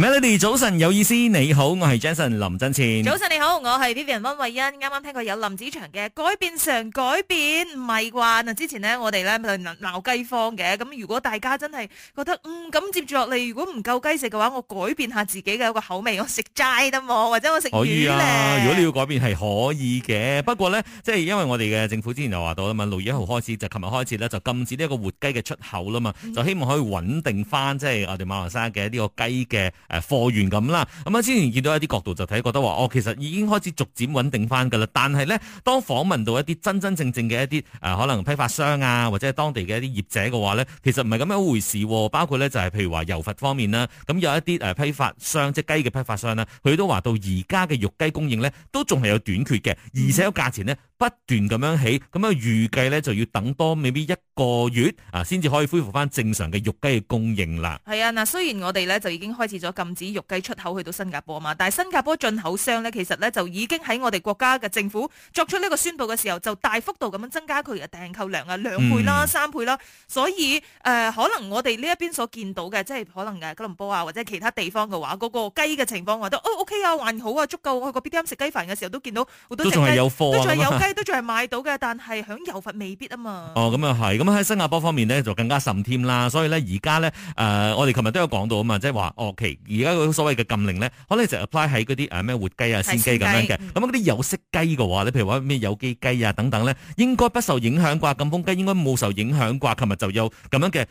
Melody，早晨有意思，你好，我係 Jason 林振前。早晨你好，我係 Vivian 溫慧欣。啱啱聽過有林子祥嘅《改變常改變》，唔係啩？嗱，之前呢我哋咧就鬧雞荒嘅，咁如果大家真係覺得嗯咁接住落嚟，如果唔夠雞食嘅話，我改變下自己嘅一個口味，我食齋得冇？或者我食魚咧、啊？如果你要改變係可以嘅，不過咧即係因為我哋嘅政府之前就話到啦嘛，六月一號開，開始就，琴日開始咧就禁止呢一個活雞嘅出口啦嘛，就希望可以穩定翻即係我哋馬來西亞嘅呢個雞嘅。誒貨源咁啦，咁啊之前見到一啲角度就睇覺得話，我、哦、其實已經開始逐漸穩定翻㗎啦。但係呢，當訪問到一啲真真正正嘅一啲、呃、可能批發商啊，或者當地嘅一啲業者嘅話呢，其實唔係咁樣回事，啊。包括呢，就係譬如話油佛方面啦，咁有一啲批發商即雞嘅批發商啦，佢都話到而家嘅肉雞供應呢，都仲係有短缺嘅，而且個價錢呢不斷咁樣起，咁啊、嗯、預計呢，就要等多未必一個月啊先至可以恢復翻正常嘅肉雞嘅供應啦。係啊，嗱雖然我哋呢，就已經開始咗。禁止肉雞出口去到新加坡嘛？但係新加坡進口商咧，其實咧就已經喺我哋國家嘅政府作出呢個宣布嘅時候，就大幅度咁樣增加佢嘅訂購量啊，兩倍啦，三倍啦。所以誒，可能我哋呢一邊所見到嘅，即係可能嘅吉隆坡啊，或者其他地方嘅話，嗰個雞嘅情況話都哦 OK 啊，還好啊，足夠。我去個 B B M 食雞飯嘅時候都見到好多，都仲係有貨，都仲係有雞，都仲係買到嘅。但係響油忽未必啊嘛。哦，咁啊係，咁喺新加坡方面咧就更加甚添啦。所以咧而家咧誒，我哋琴日都有講到啊嘛，即係話 OK。而家嗰個所謂嘅禁令咧，可能就 apply 喺嗰啲誒咩活雞啊、鮮雞咁樣嘅。咁嗰啲有色雞嘅話，你譬如話咩有機雞啊等等咧，應該不受影響啩？禁封雞應該冇受影響啩？琴日就有咁樣嘅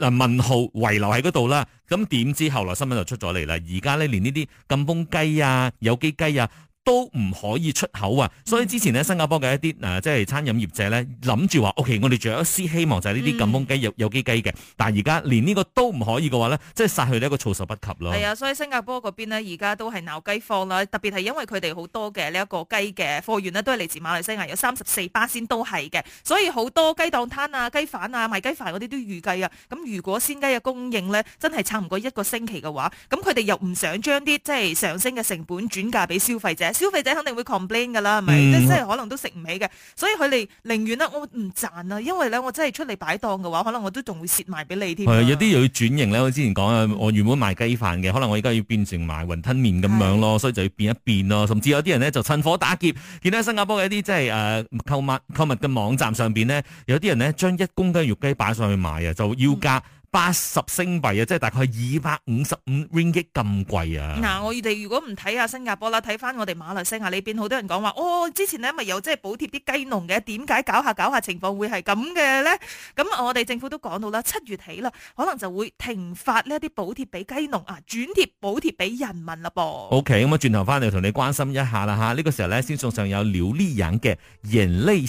嗱問號遺留喺嗰度啦。咁點知後來新聞就出咗嚟啦。而家咧連呢啲禁封雞啊、有機雞啊～都唔可以出口啊！所以之前咧，新加坡嘅一啲嗱、呃，即係餐飲業者咧，諗住話，OK，我哋仲有一絲希望，就係呢啲咁，豐雞有有機雞嘅。但係而家連呢個都唔可以嘅話咧，即係殺佢呢一個措手不及咯。係啊，所以新加坡嗰邊咧，而家都係鬧雞荒啦。特別係因為佢哋好多嘅、這個、呢一個雞嘅貨源咧，都係嚟自馬來西亞，有三十四巴仙都係嘅。所以好多雞檔攤啊、雞販啊、賣雞飯嗰啲都預計啊。咁如果鮮雞嘅供應咧真係撐唔過一個星期嘅話，咁佢哋又唔想將啲即係上升嘅成本轉嫁俾消費者。消費者肯定會 complain 噶啦，係咪、嗯？即係可能都食唔起嘅，所以佢哋寧願咧，我唔賺啊，因為咧我真係出嚟擺檔嘅話，可能我都仲會蝕埋俾你添。係，有啲又要轉型咧。我之前講啊，我原本賣雞飯嘅，可能我而家要變成賣雲吞麵咁樣咯，是所以就要變一變咯。甚至有啲人咧就趁火打劫，見到新加坡嘅一啲即係誒購物購物嘅網站上邊呢，有啲人呢，將一公斤肉雞擺上去賣啊，就要價。嗯八十星幣啊，即係大概二百五十五 ringgit 咁貴啊！嗱、啊，我哋如果唔睇下新加坡啦，睇翻我哋馬來西亞呢邊，好多人講話哦，之前呢咪有即係補貼啲雞農嘅，點解搞下搞下情況會係咁嘅呢？咁、嗯、我哋政府都講到啦，七月起啦，可能就會停發呢一啲補貼俾雞農啊，轉貼補貼俾人民啦噃。O K，咁啊，轉頭翻嚟同你關心一下啦吓，呢、呢個時候呢，嗯、先送上有了呢樣嘅盈利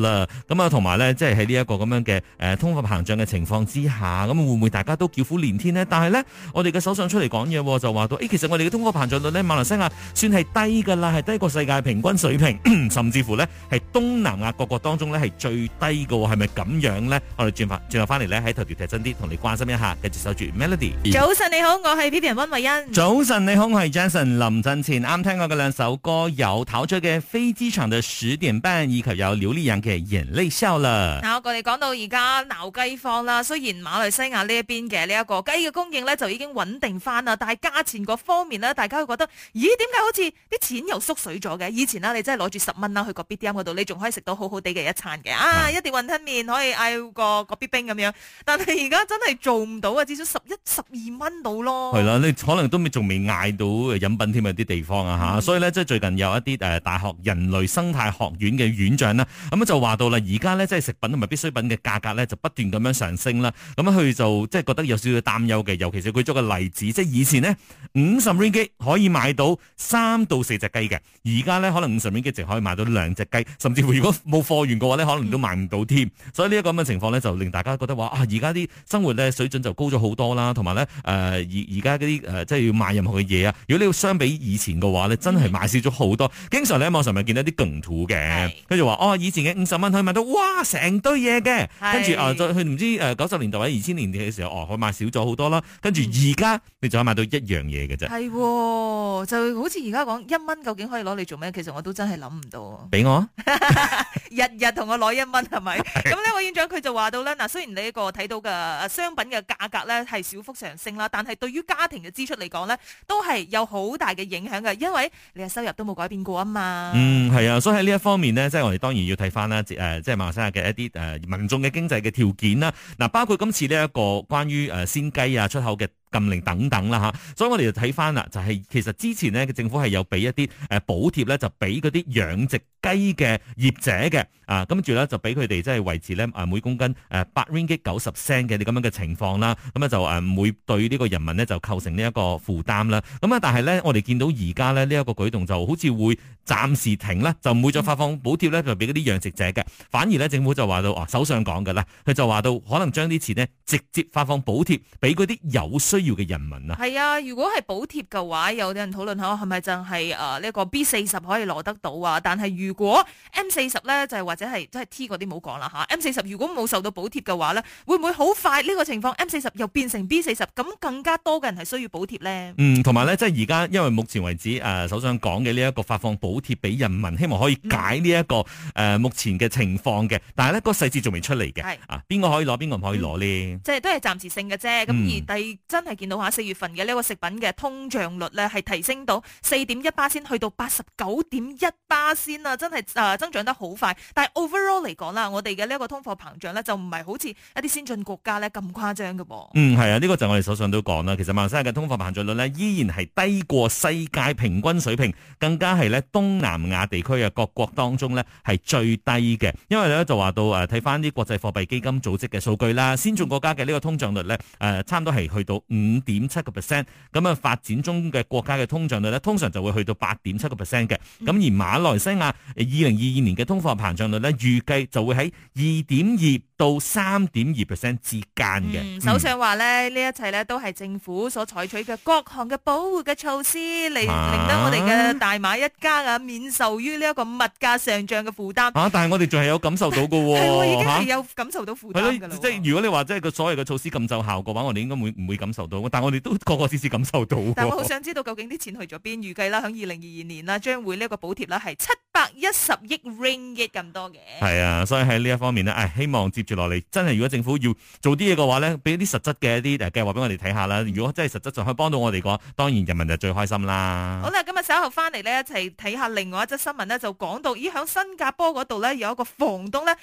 啦，咁啊同埋呢，即係喺呢一個咁樣嘅誒、呃、通貨膨脹嘅情況之下咁。會唔會大家都叫苦連天呢？但係呢，我哋嘅首相出嚟講嘢就話到，誒、哎,其實我哋嘅通貨膨脹率呢，馬來西亞算係低噶啦，係低過世界平均水平，甚至乎呢，係東南亞各國當中呢係最低噶，係咪咁樣呢？我哋轉翻轉頭翻嚟呢，喺頭條睇真啲，同你關心一下。繼續守住 Melody。早晨你好，我係 Vivian 温慧欣。早晨你好，我係 Jason。臨瞓前啱聽過嘅兩首歌，有陶喆嘅《飛機場的十點半》，以及有劉力揚嘅《眼淚笑了》。嗱、啊，我哋講到而家鬧雞荒啦，雖然馬來西呢一邊嘅呢一個雞嘅供應呢，就已經穩定翻啦，但係價錢嗰方面呢，大家都覺得，咦？點解好似啲錢又縮水咗嘅？以前呢，你真係攞住十蚊啦去個 BDM 嗰度，你仲可以食到好好地嘅一餐嘅，啊，是的 一碟雲吞麵可以嗌個個 BB 咁樣，但係而家真係做唔到啊，至少十一、十二蚊到咯。係啦，你可能都未仲未嗌到飲品添啊，啲地方啊嚇，嗯、所以呢，即係最近有一啲誒大學人類生態學院嘅院長呢，咁就話到啦，而家呢，即係食品同埋必需品嘅價格呢，就不斷咁樣上升啦，咁去。就即係覺得有少少擔憂嘅，尤其是舉咗個例子，即係以前咧五十蚊雞可以買到三到四隻雞嘅，而家咧可能五十蚊雞淨可以買到兩隻雞，甚至乎如果冇貨源嘅話咧，可能都買唔到添。嗯、所以呢一個咁嘅情況咧，就令大家覺得話啊，而家啲生活咧水準就高咗好多啦，同埋咧誒而而家啲即係要買任何嘅嘢啊，如果你要相比以前嘅話咧，嗯、真係買少咗好多。經常呢網上咪見到啲勁土嘅，跟住話哦，以前嘅五十蚊可以買到，哇，成堆嘢嘅，跟住是啊再去唔知誒九十年代或者二千年。嘅時候哦，可買少咗好多啦，跟住而家你仲可以買到一樣嘢嘅啫，係、哦、就好似而家講一蚊究竟可以攞嚟做咩？其實我都真係諗唔到。俾我 日日同我攞一蚊係咪？咁呢的，的我院長佢就話到咧，嗱，雖然你一個睇到嘅商品嘅價格咧係小幅上升啦，但係對於家庭嘅支出嚟講咧，都係有好大嘅影響嘅，因為你嘅收入都冇改變過啊嘛。嗯，係啊，所以喺呢一方面呢，即係我哋當然要睇翻啦，誒，即係馬來西亞嘅一啲誒民眾嘅經濟嘅條件啦。嗱，包括今次呢個關於誒鮮雞啊出口嘅。禁令等等啦吓，所以我哋就睇翻啦，就係其實之前咧政府係有俾一啲誒補貼咧，就俾嗰啲養殖雞嘅業者嘅，啊，跟住咧就俾佢哋即係維持咧，誒每公斤誒八 ringgit 九十 cent 嘅啲咁樣嘅情況啦，咁啊就誒唔會對呢個人民咧就構成呢一個負擔啦。咁啊，但係咧我哋見到而家咧呢一個舉動就好似會暫時停啦，就唔會再發放補貼咧，就俾嗰啲養殖者嘅。反而咧政府就話到，哦首相講嘅啦，佢就話到可能將啲錢咧直接發放補貼俾啲有需。需要嘅人民啊，係啊！如果係補貼嘅話，有啲人討論下，係咪就係誒呢個 B 四十可以攞得到啊？但係如果 M 四十咧，就係、是、或者係即係 T 嗰啲冇講啦吓。M 四十如果冇受到補貼嘅話咧，會唔會好快呢個情況？M 四十又變成 B 四十，咁更加多嘅人係需要補貼咧？嗯，同埋咧，即係而家因為目前為止誒，首相講嘅呢一個發放補貼俾人民，希望可以解呢一、這個誒、嗯呃、目前嘅情況嘅。但係咧，嗰、那個細節仲未出嚟嘅，係是啊，邊個可以攞，邊個唔可以攞呢？即係、嗯就是、都係暫時性嘅啫。咁而第二、嗯、真。係見到吓四月份嘅呢一個食品嘅通脹率咧，係提升到四點一巴先，去到八十九點一巴先啦，真係誒、呃、增長得好快。但係 overall 嚟講啦，我哋嘅呢一個通貨膨脹咧就唔係好似一啲先進國家咧咁誇張嘅噃。嗯，係啊，呢、這個就係我哋手上都講啦。其實馬來西亞嘅通貨膨脹率呢，依然係低過世界平均水平，更加係咧東南亞地區嘅各國當中呢，係最低嘅。因為咧就話到誒睇翻啲國際貨幣基金組織嘅數據啦，先進國家嘅呢個通脹率呢，誒、呃、差唔多係去到。五點七個 percent，咁啊發展中嘅國家嘅通脹率咧，通常就會去到八點七個 percent 嘅。咁、嗯、而馬來西亞二零二二年嘅通貨膨脹率咧，預計就會喺二點二到三點二 percent 之間嘅、嗯。首相話咧，呢一切咧都係政府所採取嘅各項嘅保護嘅措施嚟，令得我哋嘅大馬一家啊免受於呢一個物價上漲嘅負擔、嗯。嚇、啊啊！但係我哋仲係有感受到嘅喎，係我已經係有感受到負擔的、啊、即係如果你話即係個所謂嘅措施咁奏效嘅話，我哋應該會唔會感受到，但係我哋都個個試試感受到。但係我好想知道究竟啲錢去咗邊？預計啦，喺二零二二年啦，將會呢一個補貼啦係七百一十億 ringgit 咁多嘅。係啊，所以喺呢一方面咧，誒希望接住落嚟，真係如果政府要做啲嘢嘅話咧，俾啲實質嘅一啲誒計劃俾我哋睇下啦。如果真係實質就可以幫到我哋嘅，當然人民就最開心啦。好啦，今日稍後翻嚟咧一齊睇下另外一則新聞咧，就講到咦喺新加坡嗰度咧有一個房東咧，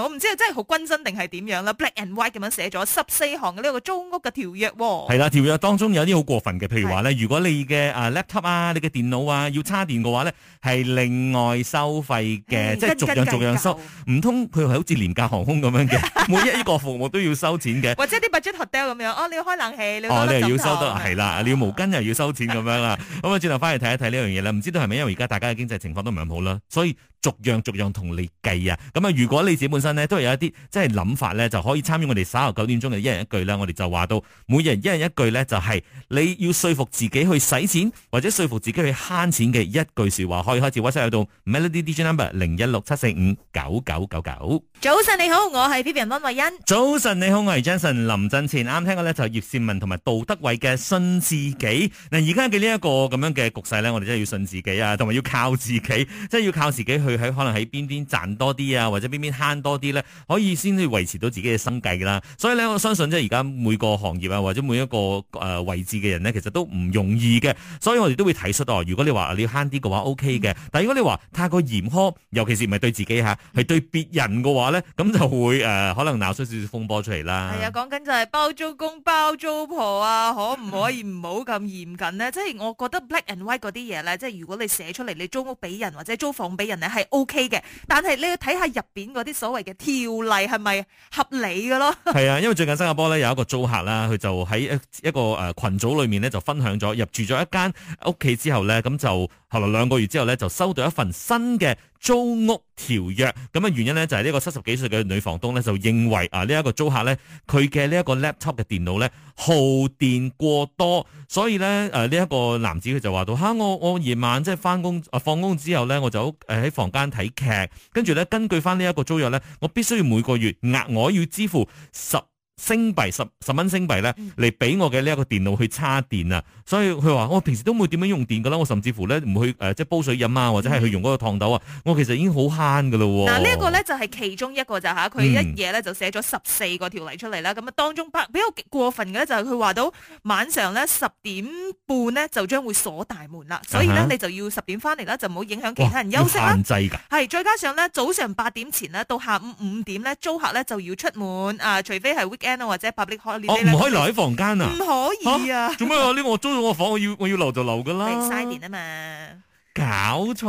我唔知係真係好均真定係點樣啦，black and white 咁樣寫咗十四項嘅呢個租屋嘅條約。係啦，條哇、啊、約當中有啲好過分嘅，譬如話咧，如果你嘅 laptop 啊，你嘅電腦啊，要叉電嘅話咧，係另外收費嘅。嗯、即係逐樣逐樣收，唔通佢係好似廉價航空咁樣嘅， 每一呢個服務都要收錢嘅，或者啲 budget hotel 咁樣，哦，你要開冷氣，你你又要收，係啦，你要毛巾又要收錢咁 樣啦，咁、嗯、啊，轉頭翻嚟，睇一睇呢樣嘢啦，唔知道係咪因為而家大家嘅經濟情況都唔係咁好啦，所以。逐樣逐樣同你計啊！咁啊，如果你自己本身呢，都係有一啲即係諗法呢，就可以參與我哋稍後九點鐘嘅一人一句呢，我哋就話到，每人一人一句呢，就係你要說服自己去使錢，或者說服自己去慳錢嘅一句說話，可以開始 WhatsApp 去到 Melody d i Number 零一六七四五九九九九。早晨你好，我係 P P R 溫慧欣。早晨你好，我係 Jason。林振前，前啱聽嘅呢，就葉倩文同埋杜德偉嘅信自己。嗱而家嘅呢一個咁樣嘅局勢呢，我哋真係要信自己啊，同埋要靠自己，即係要靠自己去。佢喺可能喺邊邊賺多啲啊，或者邊邊慳多啲咧，可以先去維持到自己嘅生計噶啦。所以咧，我相信即係而家每個行業啊，或者每一個誒、呃、位置嘅人咧，其實都唔容易嘅。所以我哋都會睇出啊、呃。如果你話你要慳啲嘅話，OK 嘅。但係如果你話太過嚴苛，尤其是唔係對自己吓，係、啊、對別人嘅話咧，咁就會誒、呃、可能鬧出少少風波出嚟啦。係啊，講緊就係包租公包租婆啊，可唔可以唔好咁嚴謹咧？即係 我覺得 black and white 嗰啲嘢咧，即、就、係、是、如果你寫出嚟，你租屋俾人或者租房俾人咧，係 OK 嘅，但係你要睇下入邊嗰啲所謂嘅條例係咪合理嘅咯？係啊，因為最近新加坡咧有一個租客啦，佢就喺一個誒羣組裏面咧就分享咗入住咗一間屋企之後咧咁就。後來兩個月之後咧，就收到一份新嘅租屋條約。咁嘅原因咧，就係呢個七十幾歲嘅女房東咧，就認為啊，呢一個租客咧，佢嘅呢一個 laptop 嘅電腦咧耗電過多，所以咧誒呢一個男子佢就話到吓、啊、我我夜晚即係翻工啊放工之後咧，我就喺房間睇劇，跟住咧根據翻呢一個租約咧，我必須要每個月額外要支付十。星幣十十蚊星幣咧，嚟俾我嘅呢一個電腦去叉電啊！所以佢話我平時都冇點樣用電噶啦，我甚至乎咧唔去誒，即、呃、係煲水飲啊，或者係去用嗰個燙斗啊，嗯、我其實已經好慳噶咯。嗱，呢一個咧就係、是、其中一個就吓，佢、啊、一夜咧就寫咗十四個條例出嚟啦。咁啊、嗯、當中比比較過分嘅咧就係佢話到晚上咧十點半咧就將會鎖大門啦，所以咧、啊、你就要十點翻嚟啦，就唔好影響其他人休息啊。限制噶係，再加上咧早上八點前呢，到下午五點咧租客咧就要出門啊，除非係 w 或者 p 我唔、啊、可以留喺房間啊！唔可以啊！做咩啊？呢個、啊、我租咗我房，我要我要留就留噶啦！你 side 啊嘛！搞錯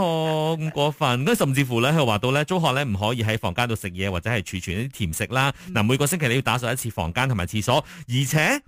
咁 過分，咁甚至乎咧佢話到咧，租客咧唔可以喺房間度食嘢或者係儲存啲甜食啦。嗱、嗯，每個星期你要打掃一次房間同埋廁所，而且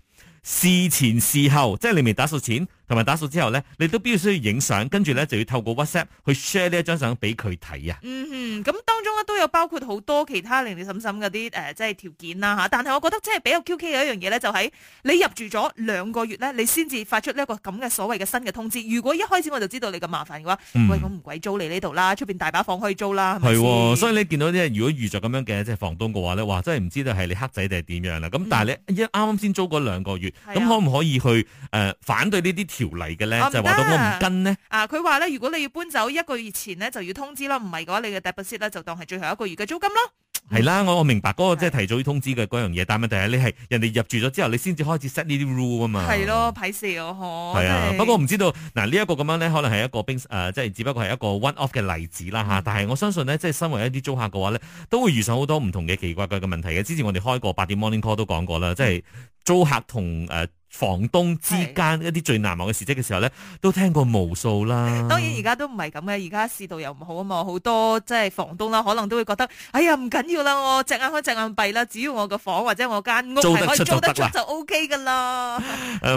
事前事後，即係你未打掃前。同埋打掃之後咧，你都必須要影相，跟住咧就要透過 WhatsApp 去 share 呢一張相俾佢睇啊。嗯哼，咁、嗯嗯、當中咧都有包括好多其他零零散散嗰啲即係條件啦、啊、但係我覺得即係比較 Q K 嘅一樣嘢咧，就喺、是、你入住咗兩個月咧，你先至發出呢一個咁嘅所謂嘅新嘅通知。如果一開始我就知道你咁麻煩嘅話，嗯、喂，咁唔鬼租你呢度啦，出面大把房可以租啦。係、嗯，吧所以你見到啲如果遇著咁樣嘅即係房東嘅話咧，哇真係唔知道係你黑仔定係點樣啦。咁、嗯、但係你一啱啱先租嗰兩個月，咁、啊、可唔可以去、呃、反對呢啲？條例嘅咧就話到我唔跟呢。啊，佢話咧，如果你要搬走一個月前咧就要通知啦，唔係嘅話你嘅 deposit 咧就當係最後一個月嘅租金咯。係啦，我我明白嗰、那個即係提早要通知嘅嗰樣嘢，但係問題係你係人哋入住咗之後你先至開始 set 呢啲 rule 啊嘛，係咯鄙事係啊，不過唔知道嗱、啊，這個、呢一個咁樣咧可能係一個冰誒即係只不過係一個 one off 嘅例子啦吓、啊嗯，但係我相信咧即係身為一啲租客嘅話咧都會遇上好多唔同嘅奇怪怪嘅問題嘅。之前我哋開過八點 morning call 都講過啦，即係租客同誒。呃房東之間一啲最難忘嘅事跡嘅時候呢，是都聽過無數啦。當然而家都唔係咁嘅，而家市道又唔好啊嘛，好多即係、就是、房東啦，可能都會覺得，哎呀唔緊要啦，我隻眼開隻眼閉啦，只要我個房間或者我間屋係可以租得出，租得出就 O K 噶啦。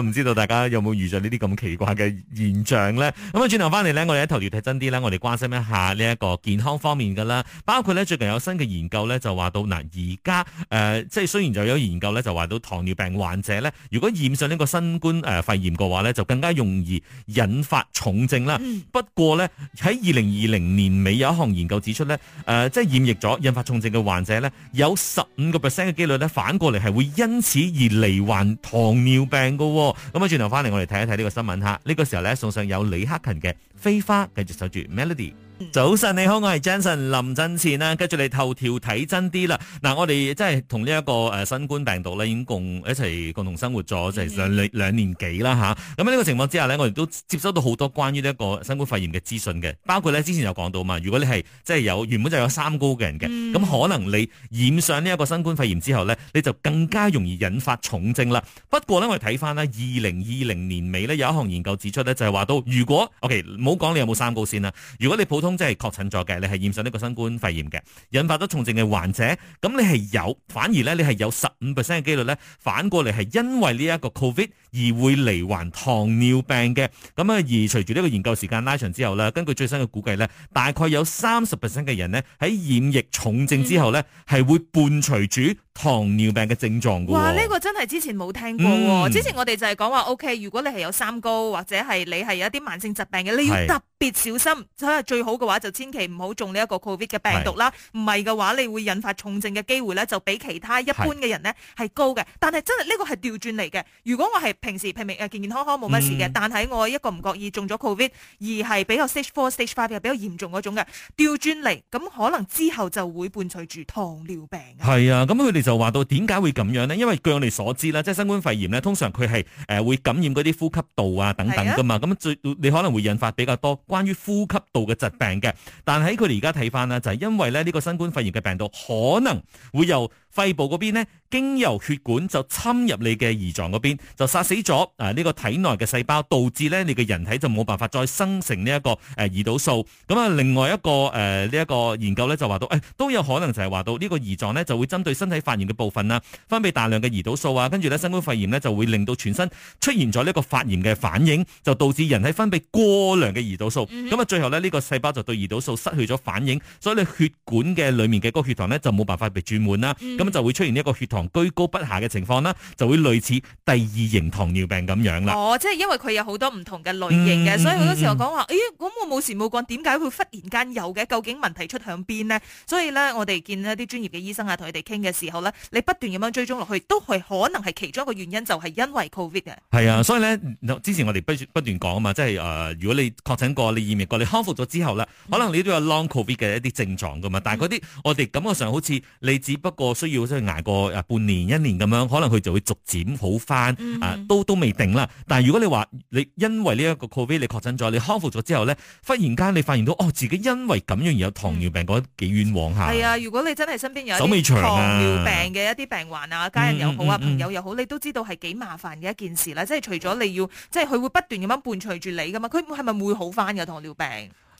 唔知道大家有冇遇着呢啲咁奇怪嘅現象呢？咁啊，轉頭翻嚟呢，我哋喺頭條睇真啲呢。我哋關心一下呢一個健康方面噶啦，包括呢最近有新嘅研究呢，就話到嗱，而家誒，即係雖然就有研究呢，就話到糖尿病患者呢，如果驗上。呢個新冠誒肺炎嘅話咧，就更加容易引發重症啦。不過咧喺二零二零年尾有一項研究指出咧，誒、呃、即係染疫咗引發重症嘅患者咧，有十五個 percent 嘅機率咧，反過嚟係會因此而罹患糖尿病噶。咁啊，轉頭翻嚟我哋睇一睇呢個新聞吓。呢、這個時候咧，送上有李克勤嘅《飛花》，繼續守住 Melody。早晨，你好，我係 Jason 林振前啦，跟住你頭條睇真啲啦。嗱、啊，我哋即係同呢一個誒、啊、新冠病毒咧，已經共一齊共同生活咗就係兩兩年幾啦吓。咁喺呢個情況之下呢，我哋都接收到好多關於呢一個新冠肺炎嘅資訊嘅，包括呢之前有講到嘛，如果你係即係有原本就有三高嘅人嘅，咁、mm. 嗯、可能你染上呢一個新冠肺炎之後呢，你就更加容易引發重症啦。不過呢，我哋睇翻呢二零二零年尾呢，有一項研究指出呢，就係、是、話到，如果 OK，唔好講你有冇三高先啦，如果你普通。通即係確診咗嘅，你係染上呢個新冠肺炎嘅，引發咗重症嘅患者，咁你係有，反而咧你係有十五 percent 嘅機率咧，反過嚟係因為呢一個 covid 而會罹患糖尿病嘅，咁啊而隨住呢個研究時間拉長之後咧，根據最新嘅估計咧，大概有三十 percent 嘅人咧喺染疫重症之後咧，係會伴隨住。糖尿病嘅症狀、哦、哇！呢、這個真係之前冇聽過喎、哦。嗯、之前我哋就係講話，O K，如果你係有三高或者係你係有一啲慢性疾病嘅，你要特別小心。所以是、啊、最好嘅話就千祈唔好中呢一個 Covid 嘅病毒啦。唔係嘅話，你會引發重症嘅機會咧，就比其他一般嘅人呢係是高嘅。但係真係呢個係掉轉嚟嘅。如果我係平時平平健健康康冇乜事嘅，嗯、但係我一個唔覺意中咗 Covid 而係比較 stage four stage five 又比較嚴重嗰種嘅，掉轉嚟咁可能之後就會伴隨住糖尿病。係啊，咁佢哋。就話到點解會咁樣呢？因為據我哋所知啦，即係新冠肺炎咧，通常佢係誒會感染嗰啲呼吸道啊等等噶嘛，咁最、啊、你可能會引發比較多關於呼吸道嘅疾病嘅。但喺佢哋而家睇翻啦，就係、是、因為咧呢個新冠肺炎嘅病毒可能會由肺部嗰邊呢。經由血管就侵入你嘅胰臟嗰邊，就殺死咗啊呢個體內嘅細胞，導致咧你嘅人體就冇辦法再生成呢、這、一個誒、呃、胰島素。咁啊，另外一個誒呢一個研究咧就話到，誒、哎、都有可能就係話到呢個胰臟咧就會針對身體發炎嘅部分啦、啊，分泌大量嘅胰島素啊，跟住咧新冠肺炎呢，就會令到全身出現咗呢個發炎嘅反應，就導致人體分泌過量嘅胰島素。咁啊、嗯哼，最後呢，呢、這個細胞就對胰島素失去咗反應，所以你血管嘅裏面嘅嗰個血糖呢，就冇辦法被注滿啦，咁、啊嗯、哼就會出現呢一個血糖，居高不下嘅情況呢，就會類似第二型糖尿病咁樣啦。哦，即係因為佢有好多唔同嘅類型嘅，嗯、所以好多時候講話，咦、嗯，咁、哎、我冇時冇講，點解會忽然間有嘅？究竟問題出向邊呢？」所以咧，我哋見一啲專業嘅醫生啊，同佢哋傾嘅時候咧，你不斷咁樣追蹤落去，都係可能係其中一個原因，就係因為 Covid 嘅。係啊，所以咧，之前我哋不不斷講啊嘛，即係誒、呃，如果你確診過，你驗完過，你康復咗之後咧，嗯、可能你都有 long covid 嘅一啲症狀噶嘛。但係嗰啲，嗯、我哋感覺上好似你只不過需要即係捱過半年一年咁樣，可能佢就會逐漸好翻，嗯、哼啊，都都未定啦。但係如果你話你因為呢一個 COVID 你確診咗，你康復咗之後咧，忽然間你發現到哦，自己因為咁樣而有糖尿病，覺得幾冤枉下。係啊，如果你真係身邊有糖尿病嘅一啲病患啊，家人又好啊，嗯嗯嗯嗯朋友又好，你都知道係幾麻煩嘅一件事啦。即係除咗你要，即係佢會不斷咁樣伴隨住你噶嘛，佢係咪會好翻嘅糖尿病？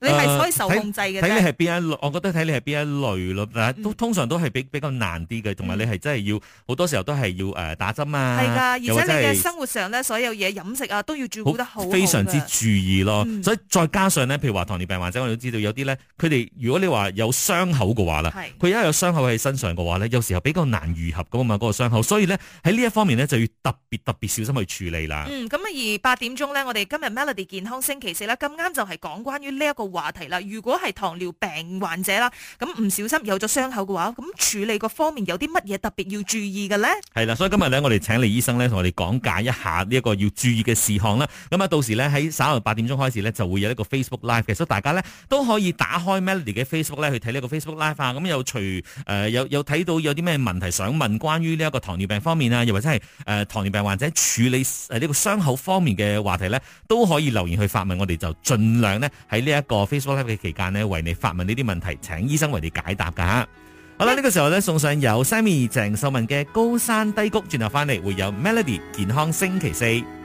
你係可以受控制嘅。睇、呃、你係邊一類，我覺得睇你係邊一類咯。但都、嗯、通常都係比比較難啲嘅，同埋你係真係要好、嗯、多時候都係要誒打針啊。係㗎，而且你嘅生活上咧，所有嘢飲食啊，都要照顧得好，非常之注意咯。嗯、所以再加上咧，譬如話糖尿病患者，我哋都知道有啲咧，佢哋如果你話有傷口嘅話啦，佢一有傷口喺身上嘅話咧，有時候比較難愈合㗎嘛，嗰、嗰個傷口。所以咧喺呢一方面咧，就要特別特別小心去處理啦。咁、嗯、而八點鐘咧，我哋今日 Melody 健康星期四咧，咁啱就係講關於呢、呢、一個。話題啦，如果係糖尿病患者啦，咁唔小心有咗傷口嘅話，咁處理個方面有啲乜嘢特別要注意嘅呢？係啦，所以今日咧，我哋請李醫生咧，同我哋講解一下呢一個要注意嘅事項啦。咁啊，到時咧喺稍後八點鐘開始咧，就會有一個 Facebook Live 嘅。所以大家咧都可以打開 Melody 嘅 Facebook 咧去睇呢個 Facebook Live 啊。咁又除誒，有有睇到有啲咩問題想問關於呢一個糖尿病方面啊，又或者係誒、呃、糖尿病患者處理誒呢個傷口方面嘅話題咧，都可以留言去發問，我哋就盡量呢，喺呢一個。個 Facebook Live 嘅期間咧，為你發問呢啲問題，請醫生為你解答噶。好啦，呢個時候咧，送上由 Sammy、鄭秀文嘅《高山低谷》，轉頭翻嚟會有 Melody 健康星期四。